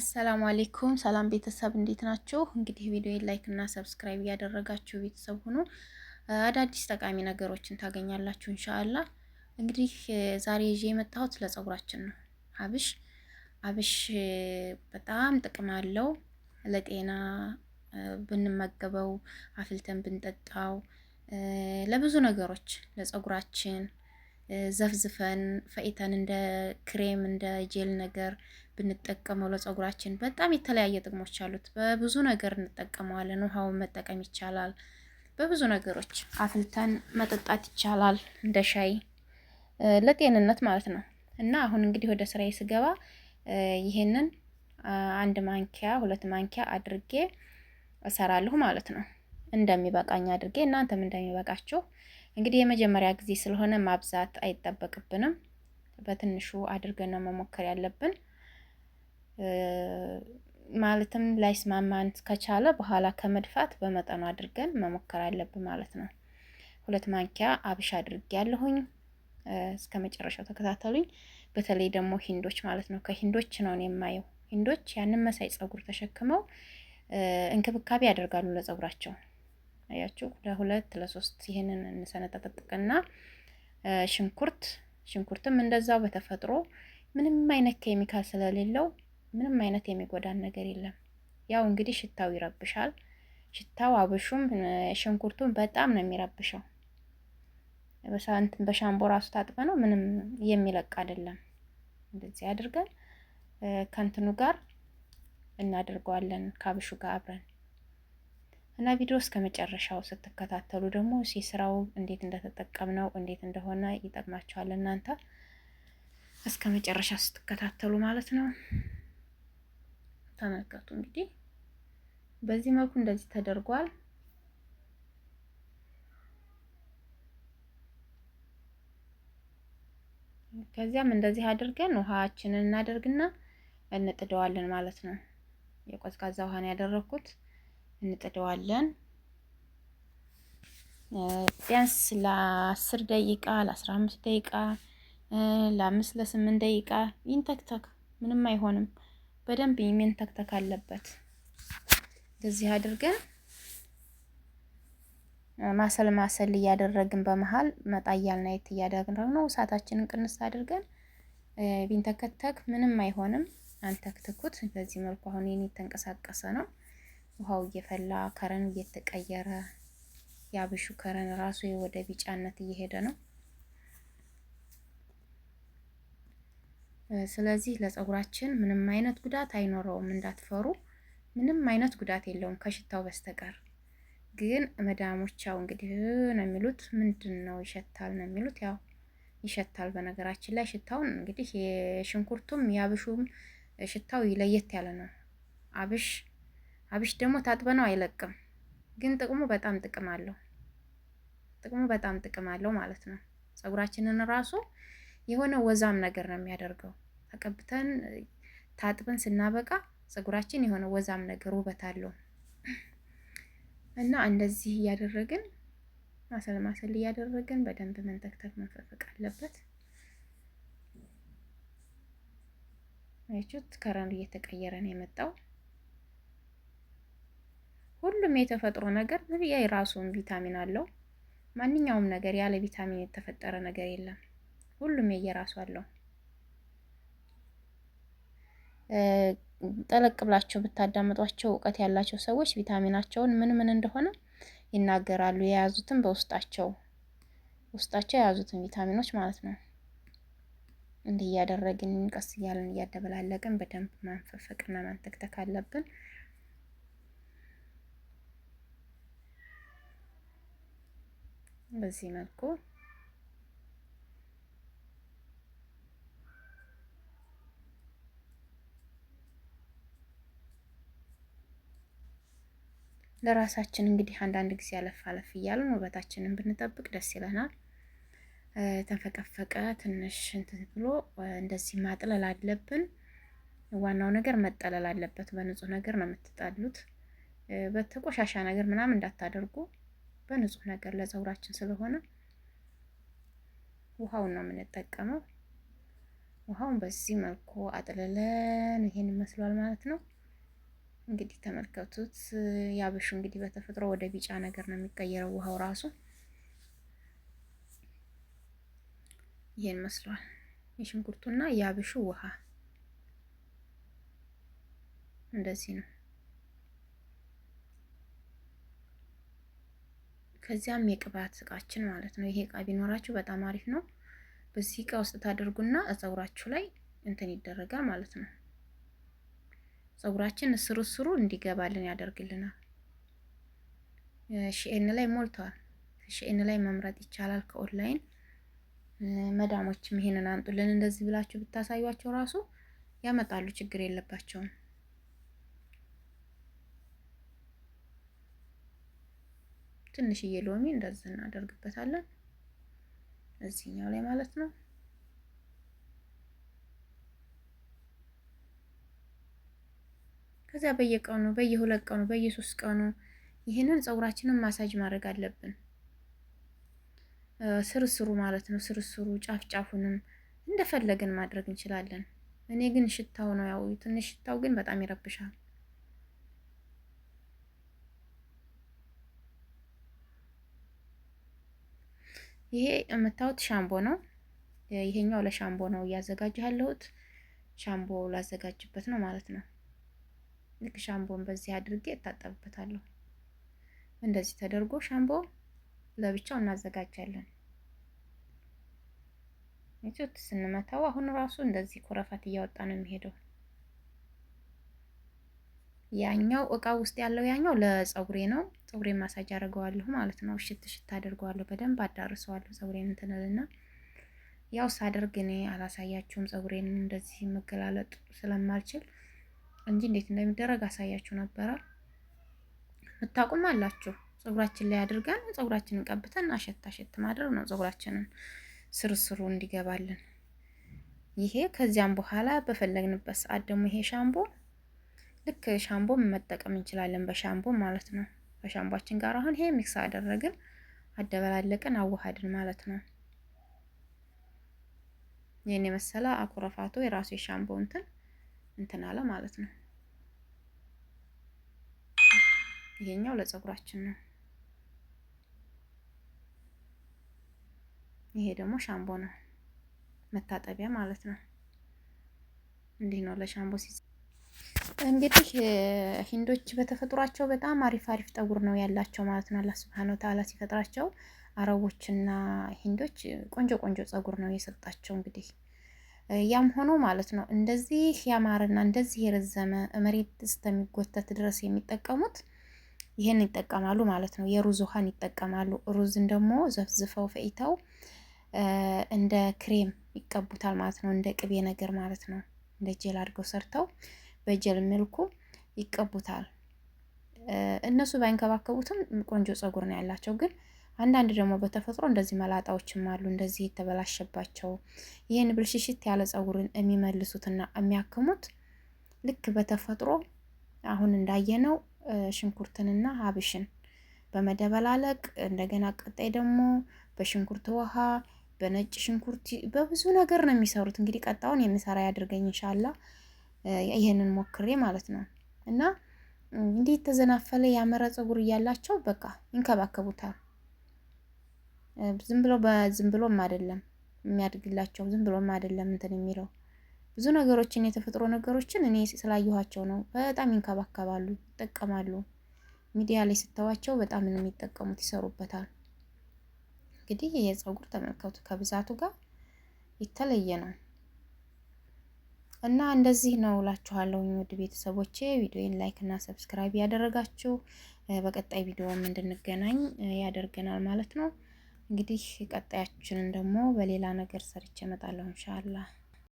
አሰላሙ አሌይኩም ሰላም ቤተሰብ እንዴት ናችሁ? እንግዲህ ቪዲዮ ላይክ እና ሰብስክራይብ እያደረጋችሁ ቤተሰብ ሁኑ። አዳዲስ ጠቃሚ ነገሮችን ታገኛላችሁ እንሻአላ። እንግዲህ ዛሬ ይዤ የመጣሁት ለፀጉራችን ነው። አብሽ አብሽ በጣም ጥቅም አለው ለጤና ብንመገበው አፍልተን ብንጠጣው ለብዙ ነገሮች ለፀጉራችን ዘፍዝፈን ፈይተን እንደ ክሬም እንደ ጄል ነገር ብንጠቀመው ለፀጉራችን በጣም የተለያየ ጥቅሞች አሉት። በብዙ ነገር እንጠቀመዋለን። ውሃውን መጠቀም ይቻላል። በብዙ ነገሮች አፍልተን መጠጣት ይቻላል፣ እንደ ሻይ ለጤንነት ማለት ነው። እና አሁን እንግዲህ ወደ ስራዬ ስገባ ይሄንን አንድ ማንኪያ ሁለት ማንኪያ አድርጌ እሰራለሁ ማለት ነው። እንደሚበቃኝ አድርጌ እናንተም እንደሚበቃችሁ እንግዲህ የመጀመሪያ ጊዜ ስለሆነ ማብዛት አይጠበቅብንም። በትንሹ አድርገን ነው መሞከር ያለብን። ማለትም ላይስማማን ከቻለ በኋላ ከመድፋት በመጠኑ አድርገን መሞከር አለብን ማለት ነው። ሁለት ማንኪያ አብሽ አድርጌ ያለሁኝ። እስከ መጨረሻው ተከታተሉኝ። በተለይ ደግሞ ሂንዶች ማለት ነው። ከሂንዶች ነው የማየው። ሂንዶች ያንን መሳይ ጸጉር ተሸክመው እንክብካቤ ያደርጋሉ ለጸጉራቸው አያችሁ፣ ለሁለት ለሶስት ይሄንን እንሰነጣጠቅና ሽንኩርት ሽንኩርትም እንደዛው በተፈጥሮ ምንም አይነት ኬሚካል ስለሌለው ምንም አይነት የሚጎዳን ነገር የለም። ያው እንግዲህ ሽታው ይረብሻል። ሽታው አብሹም ሽንኩርቱን በጣም ነው የሚረብሸው። በሳንት በሻምቦ ራሱ ታጥበ ነው ምንም የሚለቅ አይደለም። እንደዚህ አድርገን ከእንትኑ ጋር እናደርገዋለን፣ ካብሹ ጋር አብረን እና ቪዲዮ እስከ መጨረሻው ስትከታተሉ ደግሞ እሺ ስራው እንዴት እንደተጠቀምነው እንዴት እንደሆነ ይጠቅማችኋል። እናንተ እስከ መጨረሻ ስትከታተሉ ማለት ነው። ተመልከቱ እንግዲህ በዚህ መልኩ እንደዚህ ተደርጓል። ከዚያም እንደዚህ አድርገን ውሃችንን እናደርግና እንጥደዋለን ማለት ነው። የቆዝቃዛ ውሃን ያደረኩት። እንጥደዋለን። ቢያንስ ለአስር ደቂቃ ለአስራ አምስት ደቂቃ ለአምስት ለስምንት ደቂቃ ይንተክተክ፣ ምንም አይሆንም። በደንብ የሚንተክተክ አለበት። እንደዚህ አድርገን ማሰል ማሰል እያደረግን በመሃል መጣ እያልን አየት እያደረግን ነው። እሳታችንን ቅንስ አድርገን ቢንተከተክ ምንም አይሆንም። አንተክትኩት በዚህ መልኩ አሁን ይህን የተንቀሳቀሰ ነው። ውሃው እየፈላ ከረን እየተቀየረ የአብሹ ከረን ራሱ ወደ ቢጫነት እየሄደ ነው። ስለዚህ ለፀጉራችን ምንም አይነት ጉዳት አይኖረውም፣ እንዳትፈሩ። ምንም አይነት ጉዳት የለውም ከሽታው በስተቀር። ግን መዳሞች ያው እንግዲህ ነው የሚሉት ምንድን ነው ይሸታል ነው የሚሉት። ያው ይሸታል። በነገራችን ላይ ሽታውን እንግዲህ የሽንኩርቱም የአብሹም ሽታው ለየት ያለ ነው። አብሽ አብሽ ደግሞ ታጥበ ነው አይለቅም። ግን ጥቅሙ በጣም ጥቅም አለው። ጥቅሙ በጣም ጥቅም አለው ማለት ነው። ፀጉራችንን ራሱ የሆነ ወዛም ነገር ነው የሚያደርገው። ተቀብተን ታጥበን ስናበቃ ፀጉራችን የሆነ ወዛም ነገር ውበት አለው እና እንደዚህ እያደረግን ማሰል ማሰል እያደረግን በደንብ መንተክተክ መንፈፈቅ አለበት። አያችሁት ከረን እየተቀየረ ነው የመጣው። ሁሉም የተፈጥሮ ነገር የራሱን ቪታሚን አለው። ማንኛውም ነገር ያለ ቪታሚን የተፈጠረ ነገር የለም። ሁሉም የየራሱ አለው። ጠለቅ ብላቸው ብታዳምጧቸው እውቀት ያላቸው ሰዎች ቪታሚናቸውን ምን ምን እንደሆነ ይናገራሉ። የያዙትን በውስጣቸው ውስጣቸው የያዙትን ቪታሚኖች ማለት ነው። እንዲህ እያደረግን ቀስ እያለን እያደበላለቅን በደንብ ማንፈፈቅና ማንተክተክ አለብን። በዚህ መልኩ ለራሳችን እንግዲህ አንዳንድ ጊዜ አለፍ አለፍ እያለን ውበታችንን ብንጠብቅ ደስ ይለናል። ተንፈቀፈቀ ትንሽ እንትን ብሎ እንደዚህ ማጥለል አለብን። ዋናው ነገር መጠለል አለበት። በንጹህ ነገር ነው የምትጣሉት። በተቆሻሻ ነገር ምናምን እንዳታደርጉ። በንጹህ ነገር ለፀጉራችን ስለሆነ ውሃውን ነው የምንጠቀመው። ውሃውን በዚህ መልኩ አጥልለን ይሄን ይመስሏል ማለት ነው። እንግዲህ ተመልከቱት። ያብሹ እንግዲህ በተፈጥሮ ወደ ቢጫ ነገር ነው የሚቀየረው ውሃው ራሱ ይሄን ይመስሏል። የሽንኩርቱና ያብሹ ውሃ እንደዚህ ነው። ከዚያም የቅባት እቃችን ማለት ነው። ይሄ እቃ ቢኖራችሁ በጣም አሪፍ ነው። በዚህ እቃ ውስጥ ታደርጉና ፀጉራችሁ ላይ እንትን ይደረጋል ማለት ነው። ፀጉራችን ስሩ ስሩ እንዲገባልን ያደርግልናል። ሺኤን ላይ ሞልተዋል። ሺኤን ላይ መምረጥ ይቻላል ከኦንላይን መዳሞችም ይሄንን አንጡልን እንደዚህ ብላችሁ ብታሳዩቸው ራሱ ያመጣሉ። ችግር የለባቸውም። ትንሽዬ ሎሚ እንደዚህ እናደርግበታለን እዚህኛው ላይ ማለት ነው። ከዚያ በየቀኑ በየሁለት ቀኑ በየሶስት ቀኑ ይህንን ፀጉራችንን ማሳጅ ማድረግ አለብን። ስርስሩ ማለት ነው። ስርስሩ ጫፍ ጫፉንም እንደፈለግን ማድረግ እንችላለን። እኔ ግን ሽታው ነው ያው ትንሽ ሽታው ግን በጣም ይረብሻል። ይሄ የምታዩት ሻምቦ ነው። ይሄኛው ለሻምቦ ነው እያዘጋጀ ያለሁት። ሻምቦ ላዘጋጅበት ነው ማለት ነው። ልክ ሻምቦን በዚህ አድርጌ እታጠብበታለሁ። እንደዚህ ተደርጎ ሻምቦ ለብቻው እናዘጋጃለን። ስንመታው አሁን ራሱ እንደዚህ ኮረፋት እያወጣ ነው የሚሄደው። ያኛው እቃ ውስጥ ያለው ያኛው ለፀጉሬ ነው። ፀጉሬን ማሳጅ አድርገዋለሁ ማለት ነው። ሽት ሽት አድርገዋለሁ በደንብ አዳርሰዋለሁ። ፀጉሬን እንትንልና ያው ሳደርግ እኔ አላሳያችሁም ፀጉሬን እንደዚህ መገላለጥ ስለማልችል እንጂ እንዴት እንደሚደረግ አሳያችሁ ነበረ። ምታቁም አላችሁ። ፀጉራችን ላይ አድርገን ፀጉራችንን ቀብተን አሸት አሸት ማድረግ ነው ፀጉራችንን ስርስሩ እንዲገባልን። ይሄ ከዚያም በኋላ በፈለግንበት ሰዓት ደግሞ ይሄ ሻምቦ ልክ ሻምቦ መጠቀም እንችላለን። በሻምቦ ማለት ነው። በሻምቧችን ጋር አሁን ይሄ ሚክስ አደረግን፣ አደበላለቅን፣ አዋሃድን ማለት ነው። ይህን የመሰለ አኩረፋቶ የራሱ የሻምቦ እንትን እንትን አለ ማለት ነው። ይሄኛው ለፀጉራችን ነው። ይሄ ደግሞ ሻምቦ ነው፣ መታጠቢያ ማለት ነው። እንዲህ ነው ለሻምቦ ሲ እንግዲህ ሂንዶች በተፈጥሯቸው በጣም አሪፍ አሪፍ ጠጉር ነው ያላቸው ማለት ነው። አላህ ሱብሃነሁ ወተዓላ ሲፈጥራቸው አረቦችና ሂንዶች ቆንጆ ቆንጆ ጸጉር ነው የሰጣቸው። እንግዲህ ያም ሆኖ ማለት ነው እንደዚህ ያማረና እንደዚህ የረዘመ መሬት እስከሚጎተት ድረስ የሚጠቀሙት ይህን ይጠቀማሉ ማለት ነው። የሩዝ ውሃን ይጠቀማሉ። ሩዝን ደግሞ ዘፍዝፈው ፈይተው እንደ ክሬም ይቀቡታል ማለት ነው። እንደ ቅቤ ነገር ማለት ነው። እንደ ጄል አድርገው ሰርተው በጀል መልኩ ይቀቡታል። እነሱ ባይንከባከቡትም ቆንጆ ጸጉር ነው ያላቸው። ግን አንዳንድ ደግሞ በተፈጥሮ እንደዚህ መላጣዎችም አሉ፣ እንደዚህ የተበላሸባቸው ይህን ብልሽሽት ያለ ጸጉርን የሚመልሱትና የሚያክሙት ልክ በተፈጥሮ አሁን እንዳየነው ሽንኩርትንና ሀብሽን በመደበላለቅ እንደገና ቀጣይ ደግሞ በሽንኩርት ውሃ በነጭ ሽንኩርት በብዙ ነገር ነው የሚሰሩት። እንግዲህ ቀጣውን የምሰራ ያድርገኝ ኢንሻላህ። ይሄንን ሞክሬ ማለት ነው እና እንዲህ የተዘናፈለ ያመረ ፀጉር እያላቸው በቃ ይንከባከቡታል። ዝም ብሎ በዝም ብሎም አይደለም የሚያድግላቸው፣ ዝም ብሎም አይደለም እንትን የሚለው ብዙ ነገሮችን የተፈጥሮ ነገሮችን እኔ ስላየኋቸው ነው። በጣም ይንከባከባሉ፣ ይጠቀማሉ። ሚዲያ ላይ ስተዋቸው በጣም ነው የሚጠቀሙት፣ ይሰሩበታል። እንግዲህ የጸጉር ተመልከቱ ከብዛቱ ጋር የተለየ ነው። እና እንደዚህ ነው እላችኋለሁ ውድ ቤተሰቦቼ። ቪዲዮን ላይክ እና ሰብስክራይብ ያደረጋችሁ በቀጣይ ቪዲዮም እንድንገናኝ ያደርገናል ማለት ነው። እንግዲህ ቀጣያችንን ደግሞ በሌላ ነገር ሰርቼ እመጣለሁ ኢንሻአላህ።